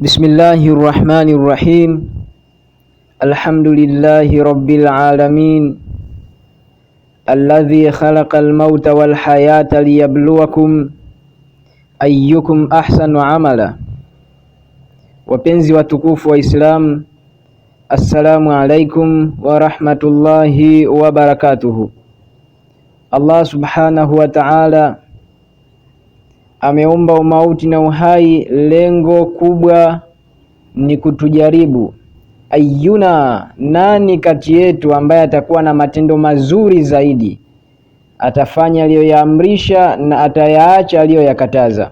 بسم الله الرحمن الرحيم الحمد لله رب العالمين الذي خلق الموت والحياة ليبلوكم أيكم أحسن عملا وبنزي وتكوف وإسلام السلام عليكم ورحمة الله وبركاته الله سبحانه وتعالى ameumba umauti na uhai, lengo kubwa ni kutujaribu ayuna, nani kati yetu ambaye atakuwa na matendo mazuri zaidi, atafanya aliyoyaamrisha na atayaacha aliyoyakataza.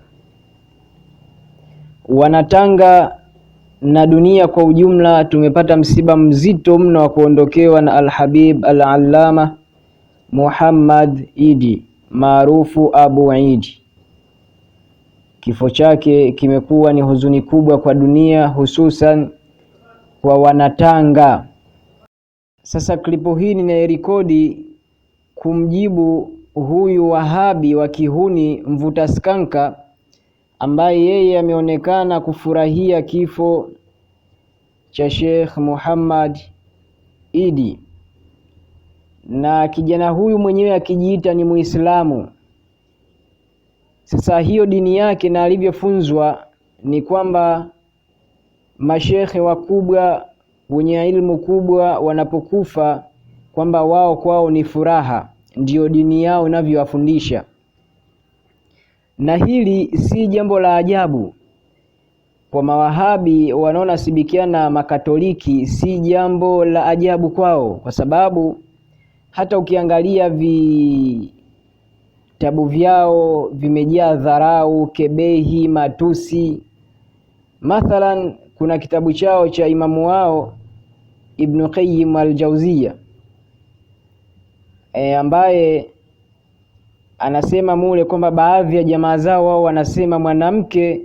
Wanatanga na dunia kwa ujumla tumepata msiba mzito mno wa kuondokewa na Alhabib Alallama Muhammad Idi maarufu Abu Idi Kifo chake kimekuwa ni huzuni kubwa kwa dunia, hususan kwa Wanatanga. Sasa klipu hii ninayerekodi kumjibu huyu wahabi wa kihuni mvuta skanka ambaye yeye ameonekana kufurahia kifo cha Sheikh Muhammad Idi, na kijana huyu mwenyewe akijiita ni Muislamu. Sasa hiyo dini yake na alivyofunzwa ni kwamba mashehe wakubwa wenye ilmu kubwa wanapokufa kwamba wao kwao ni furaha, ndiyo dini yao inavyowafundisha. Na hili si jambo la ajabu kwa mawahabi na makatoliki, si jambo la ajabu kwao, kwa sababu hata ukiangalia vi vitabu vyao vimejaa dharau, kebehi, matusi. Mathalan, kuna kitabu chao cha imamu wao Ibn Qayyim al-Jauziya e, ambaye anasema mule kwamba baadhi ya jamaa zao wao wanasema mwanamke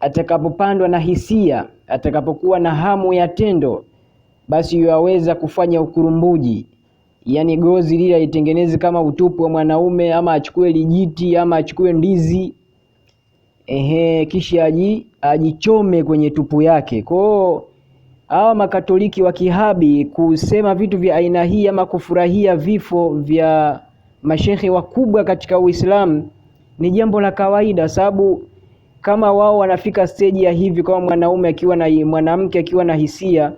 atakapopandwa na hisia, atakapokuwa na hamu ya tendo, basi yuaweza kufanya ukurumbuji yani gozi lile aitengeneze kama utupu wa mwanaume, ama achukue lijiti ama achukue ndizi ehe, kisha aji, ajichome kwenye tupu yake. Kwao hawa makatoliki wa kihabi kusema vitu vya aina hii ama kufurahia vifo vya mashehe wakubwa katika Uislamu ni jambo la kawaida, sababu kama wao wanafika stage ya hivi, kama mwanaume akiwa na mwanamke akiwa na hisia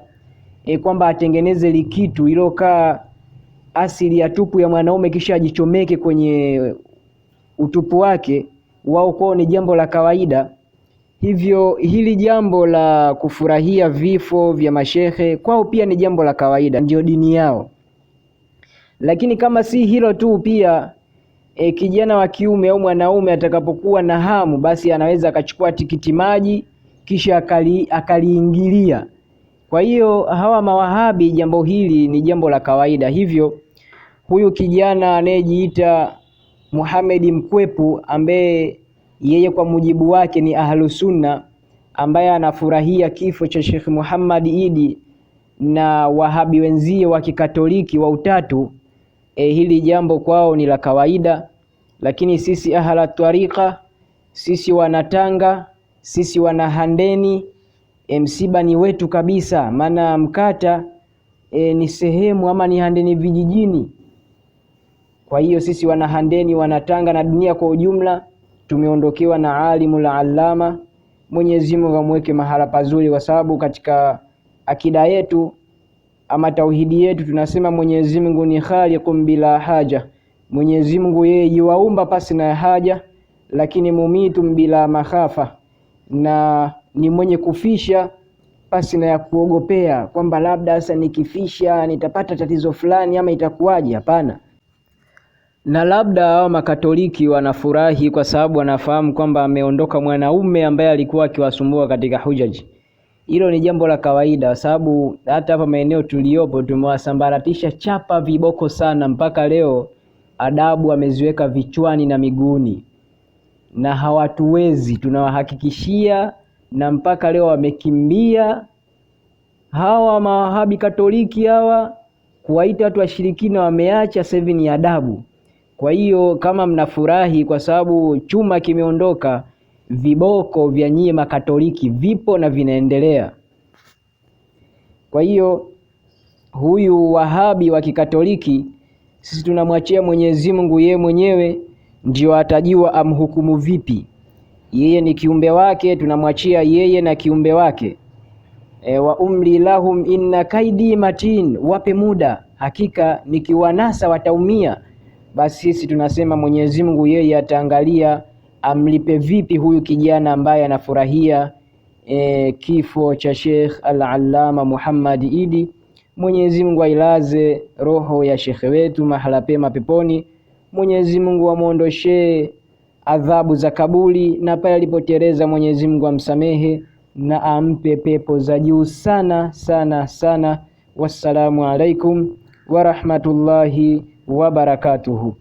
e, kwamba atengeneze likitu ilokaa asili ya tupu ya mwanaume kisha ajichomeke kwenye utupu wake, wao kwao ni jambo la kawaida. Hivyo hili jambo la kufurahia vifo vya mashehe kwao pia ni jambo la kawaida, ndio dini yao. Lakini kama si hilo tu, pia e, kijana wa kiume au mwanaume atakapokuwa na hamu, basi anaweza akachukua tikiti maji kisha akali, akaliingilia. Kwa hiyo hawa mawahabi jambo hili ni jambo la kawaida hivyo huyu kijana anayejiita Muhammad Mkwepu ambaye yeye kwa mujibu wake ni Ahlusunna, ambaye anafurahia kifo cha Sheikh Muhammad Idi na Wahabi wenzie wa Kikatoliki wa Utatu. E, hili jambo kwao ni la kawaida, lakini sisi ahla twarika, sisi wanatanga, sisi wanahandeni, e, msiba ni wetu kabisa, maana mkata e, ni sehemu ama ni handeni vijijini kwa hiyo sisi wanahandeni, wanatanga na dunia kwa ujumla tumeondokewa na alimul allama. Mwenyezi Mungu amweke mahala pazuri, kwa sababu katika akida yetu ama tauhidi yetu tunasema Mwenyezi Mungu ni khaliqum bila haja, Mwenyezi Mungu yeye yuwaumba pasi na haja, lakini mumitun bila mahafa, na ni mwenye kufisha pasi na ya kuogopea kwamba labda sasa nikifisha nitapata tatizo fulani ama itakuwaje. Hapana na labda hao Makatoliki wanafurahi kwa sababu wanafahamu kwamba ameondoka mwanaume ambaye alikuwa akiwasumbua katika hujaji. Hilo ni jambo la kawaida, kwa sababu hata hapa maeneo tuliyopo tumewasambaratisha chapa viboko sana, mpaka leo adabu ameziweka vichwani na miguuni na hawatuwezi, tunawahakikishia. Na mpaka leo wamekimbia hawa mawahabi Katoliki hawa kuwaita watu washirikina wameacha, seveni adabu. Kwa hiyo kama mnafurahi kwa sababu chuma kimeondoka, viboko vya nyie Makatoliki vipo na vinaendelea. Kwa hiyo huyu Wahabi wa Kikatoliki sisi tunamwachia Mwenyezi Mungu yeye mwenyewe ndio atajua amhukumu vipi. Yeye ni kiumbe wake, tunamwachia yeye na kiumbe wake. E, wa umli lahum inna kaidi matin, wape muda, hakika nikiwanasa wataumia basi sisi tunasema Mwenyezi Mungu yeye ataangalia amlipe vipi huyu kijana ambaye anafurahia e, kifo cha Sheikh Al-Allama Muhammad Idi. Mwenyezi Mungu ailaze roho ya shekhe wetu mahala pema peponi. Mwenyezi Mungu amwondoshee adhabu za kabuli, na pale alipoteleza Mwenyezi Mungu amsamehe na ampe pepo za juu sana sana sana. Wassalamu alaikum warahmatullahi wa barakatuhu.